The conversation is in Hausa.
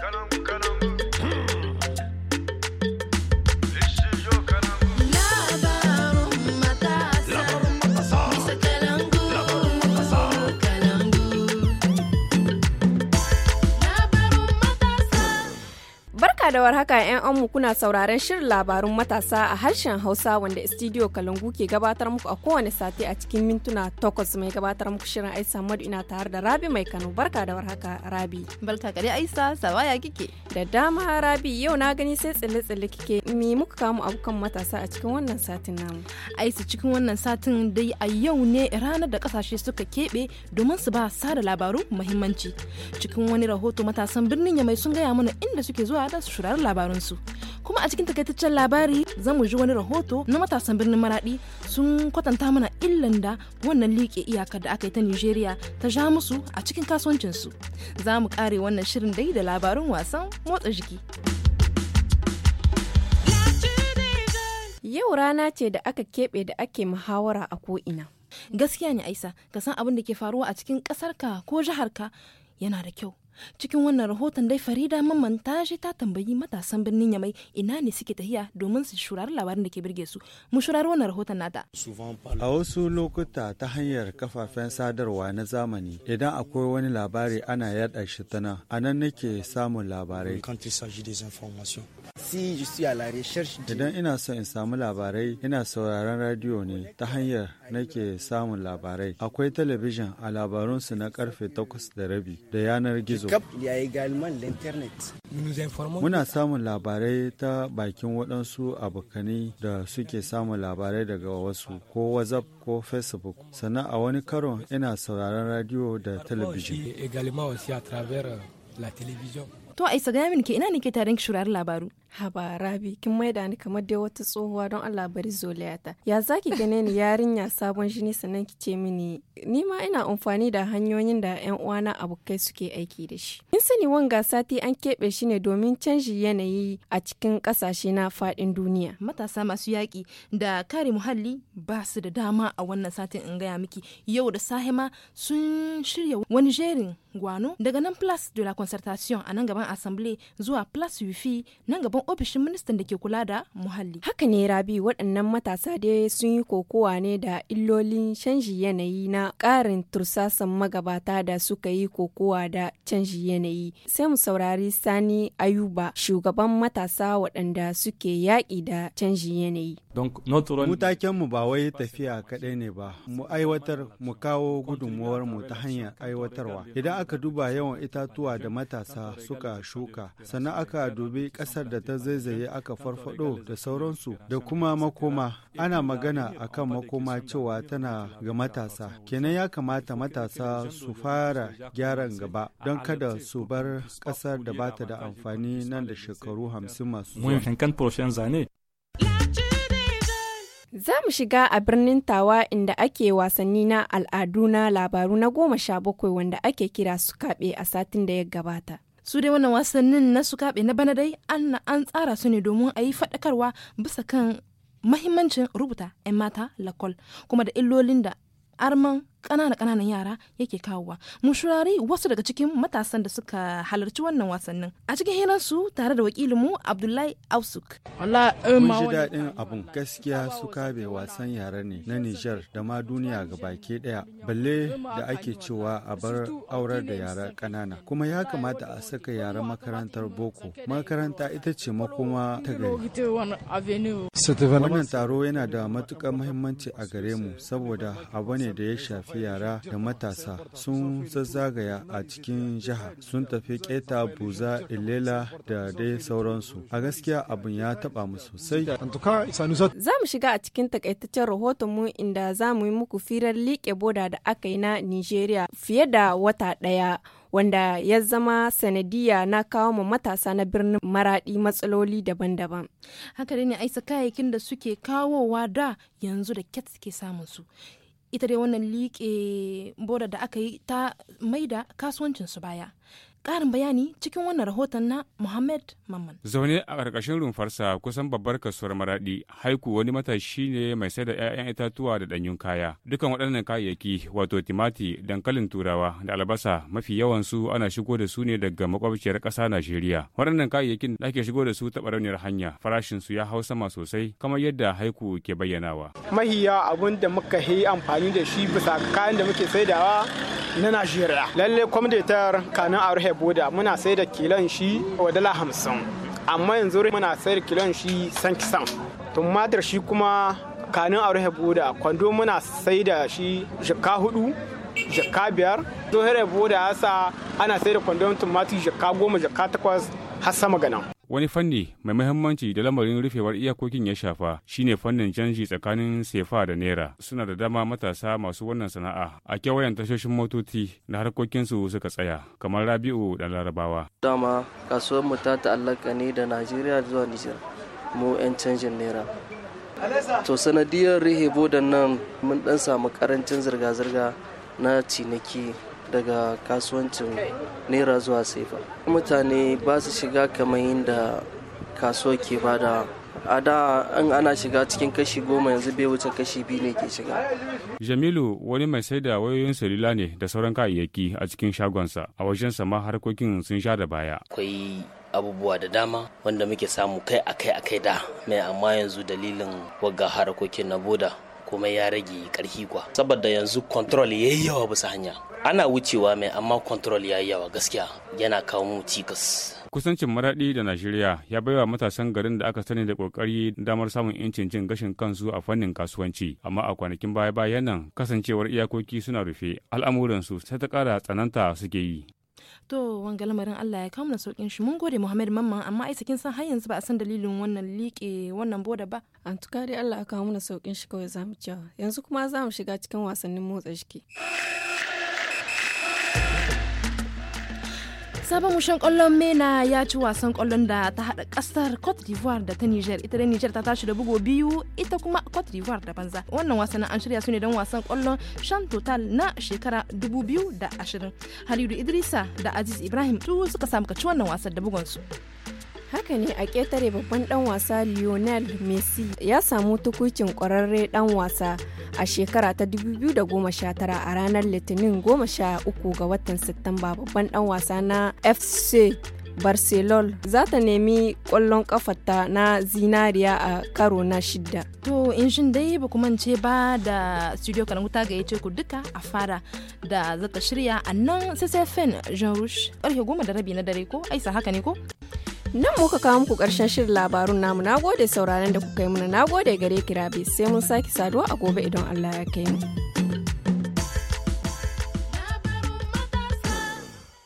Calum, calum. Barka da warhaka 'yan amu kuna sauraron shirin labarun matasa a harshen Hausa wanda studio Kalangu ke gabatar muku a kowane sati a cikin mintuna takwas mai gabatar muku shirin Aisa Madu ina tare da Rabi mai Kano. Barka da warhaka Rabi. Barka ka dai Aisa, sawaya kike? Da dama Rabi yau na gani sai tsille-tsille kike me muka kamu abokan matasa a cikin wannan satin namu. Aisa cikin wannan satin dai a yau ne ranar da kasashe suka keɓe domin su ba sada labaru muhimmanci. cikin wani rahoto matasan birnin ya mai sun gaya mana inda suke zuwa da su shirarar labaransu kuma a cikin takaitaccen labari za mu ji wani rahoto na matasan birnin maradi sun kwatanta mana illan da wannan liƙe iyakar da aka yi ta nigeria ta ja musu a cikin kasuwancinsu za mu kare wannan shirin dai da labarin wasan motsa jiki yau rana ce da aka keɓe da ake muhawara a ko'ina gaskiya ne aisa ka san abin da ke faruwa a cikin ƙasarka ko jiharka yana da kyau cikin wannan rahoton dai farida mamman ta je ta tambayi matasan birnin yamai ina ne suke tahiya domin su shurari labarin da ke birge su mu shurari wannan rahoton nata a wasu lokuta ta hanyar kafafen sadarwa na zamani idan akwai wani labari ana yada shi tana anan nake samun labarai si je suis à la recherche idan ina son in samu labarai ina sauraron radio ne ta hanyar nake samun labarai akwai talabijin a labarunsu na karfe 8 da rabi da yanar gizo muna samun labarai ta bakin waɗansu abokanai da suke samun labarai daga wasu ko whatsapp ko facebook sannan a wani karon ina sauraron radio da talabijin euh, To a isa gaya min ke ina nake tarin shirar labaru. haba rabi kin maida ni kamar dai wata tsohuwa don allah bari zoliyata ya zaki gane ni yarinya sabon jini sannan ki ce mini ni ma ina amfani da hanyoyin da yan uwana abokai suke aiki da shi kin sani wanga sati an keɓe shi ne domin canji yanayi a cikin ƙasashe na faɗin duniya matasa masu yaƙi da kare muhalli ba su da dama a wannan satin in gaya miki yau da sahe sun shirya wani jerin gwano daga nan place de la concertation a nan gaban assemblée zuwa place wifi nan gaban gaban ofishin ministan da ke kula da muhalli. Haka ne Rabi waɗannan matasa dai sun yi kokowa ne da illolin canji yanayi na ƙarin tursasan magabata da suka yi kokowa da canji yanayi. Sai mu saurari Sani Ayuba shugaban matasa waɗanda suke yaƙi da canji yanayi. Mutakenmu ba wai tafiya kaɗai ne ba, mu aiwatar mu kawo gudunmuwar mu ta hanyar aiwatarwa. Idan aka duba yawan itatuwa da matasa suka shuka, sannan aka dubi ƙasar da ta ta zaizaye aka farfado da sauransu da kuma makoma ana magana akan makoma cewa tana ga matasa kenan ya kamata matasa su fara gyaran gaba don kada su bar ƙasar da bata da amfani nan da shekaru hamsin masu zuwa. Za mu shiga a birnin Tawa inda ake wasanni na al'adu na labaru na goma sha bakwai wanda ake kira su kaɓe a satin da ya gabata. su dai wannan wasannin na su kaɓe na bana dai an an tsara su ne domin a yi faɗakarwa bisa kan mahimmancin rubuta 'yan mata lakol kuma da illolin da arman ƙanana ƙananan yara yake kawowa mu shurari wasu daga cikin matasan da suka halarci wannan wasannin a cikin su tare da wakilinmu abdullahi ausuk eh, mun ji daɗin abun gaskiya su kabe wasan yara ne na nijar da ma duniya gaba baki ɗaya balle da ake cewa a bar aurar da yara ƙanana kuma ya kamata a saka yara makarantar boko makaranta ita ce makoma ta gari wannan taro yana da matuƙar muhimmanci a gare mu saboda abu ne da ya shafi tafi yara da matasa sun zazzagaya a cikin jiha sun tafi keta buza ilela da dai sauransu a gaskiya abin ya taba mu sosai za mu shiga a cikin takaitaccen rahoton mu inda za mu yi muku firar liƙe boda da aka yi na nigeria fiye da wata ɗaya wanda ya zama sanadiyya na kawo ma matasa na birnin maradi matsaloli daban-daban. Haka ne aisa kayayyakin da suke kawowa da yanzu da ket suke samun su. ita dai wannan liƙe boda da aka yi ta maida kasuwancin su baya Ƙarin bayani cikin wannan rahoton na Muhammad Mamman. Zaune a ƙarƙashin rumfarsa kusan babbar kasuwar Maraɗi, Haiku wani matashi ne mai sai da 'ya'yan itatuwa da ɗanyun kaya. Dukan waɗannan kayayyaki wato timati, dankalin turawa da albasa mafi yawansu ana shigo da su ne daga makwabciyar ƙasa Najeriya. Waɗannan kayayyakin da ake shigo da su ta ɓarauniyar hanya, farashin su ya hau sama sosai kamar yadda Haiku ke bayyanawa. Mahiya abun da muka yi amfani da shi bisa kayan da muke saidawa na Najeriya. Lallai kwamdatar kanin aure. kai boda muna sai da kilon shi wa dala hamsin amma yanzu muna sai da kilon shi san kisan tumatir shi kuma kanin aure boda kwando muna sai da shi jaka hudu jaka biyar dohere boda ya sa ana sai da kwandon tumatir jaka goma jaka takwas har sama ganin Wani fanni mai mahimmanci da lamarin rufewar iyakokin ya shafa shine fannin canji tsakanin sefa da nera. Suna da dama matasa masu wannan sana'a a kewayen tashoshin motoci na harkokinsu suka tsaya kamar Rabi'u da Larabawa. Dama kasuwar mu ta ta'allaka ne da Najeriya zuwa Nijar mu 'yan canjin naira. To sanadiyar rehebo da nan mun dan samu karancin zirga-zirga na ciniki daga kasuwancin naira zuwa sefa mutane ba su shiga kamar yadda kasuwa ke bada a da in ana shiga cikin kashi goma yanzu bai wuce kashi biyu ne ke shiga. Jamilu wani mai sai da wayoyin salula ne da sauran kayayyaki a cikin shagonsa a wajen sama harkokin sun sha da baya. Akwai abubuwa da dama wanda muke samu kai akai kai da mai amma yanzu dalilin wagga harkokin na boda komai ya rage karfi kwa saboda yanzu control yayi yawa bisa hanya ana wucewa mai amma control yi yawa gaskiya yana kawo mu cikas kusancin maraɗi da najeriya ya baiwa matasan garin da aka sani da kokari damar samun incin jin gashin kansu a fannin kasuwanci amma a kwanakin baya-bayan nan kasancewar iyakoki suna rufe al'amuransu sai ta kara tsananta suke yi to wanga lamarin Allah ya kawo mana saukin shi mun gode Muhammad Mamman amma ai sakin san har yanzu ba a san dalilin wannan liƙe wannan boda ba an tuka dai Allah ya kawo mana saukin shi kawai zamu ci yanzu kuma zamu shiga cikin wasannin motsa jiki sabon mushan kwallon mena ya ci wasan kwallon da ta hada kasar cote d'ivoire da ta niger ita da niger ta tashi da bugu biyu ita kuma cote d'ivoire da banza wannan wasannin an shirya su ne don wasan kwallon shan total na shekara 2020 halidu idrisa da aziz ibrahim su suka samu kaci wannan wasan da su. Haka ne a ƙetare babban dan wasa Lionel Messi ya samu tukucin ƙwararre dan wasa a shekara ta 2019 a ranar Litinin 13 ga watan Satumba babban dan wasa na FC barcelona za ta nemi kwallon kafarta na zinariya a karo na shida to in shin dai ba kuma ce ba da studio ga ya ce ku duka a fara da zata shirya a nan ccfn jean rouge karfe goma da rabi na dare ko aisa haka ne ko Nan muka kawo muku ƙarshen shirin labarun namu na gode sauraron da kuka yi mana na gode gare kirabe sai mun sake saduwa a gobe idan Allah ya kai mu.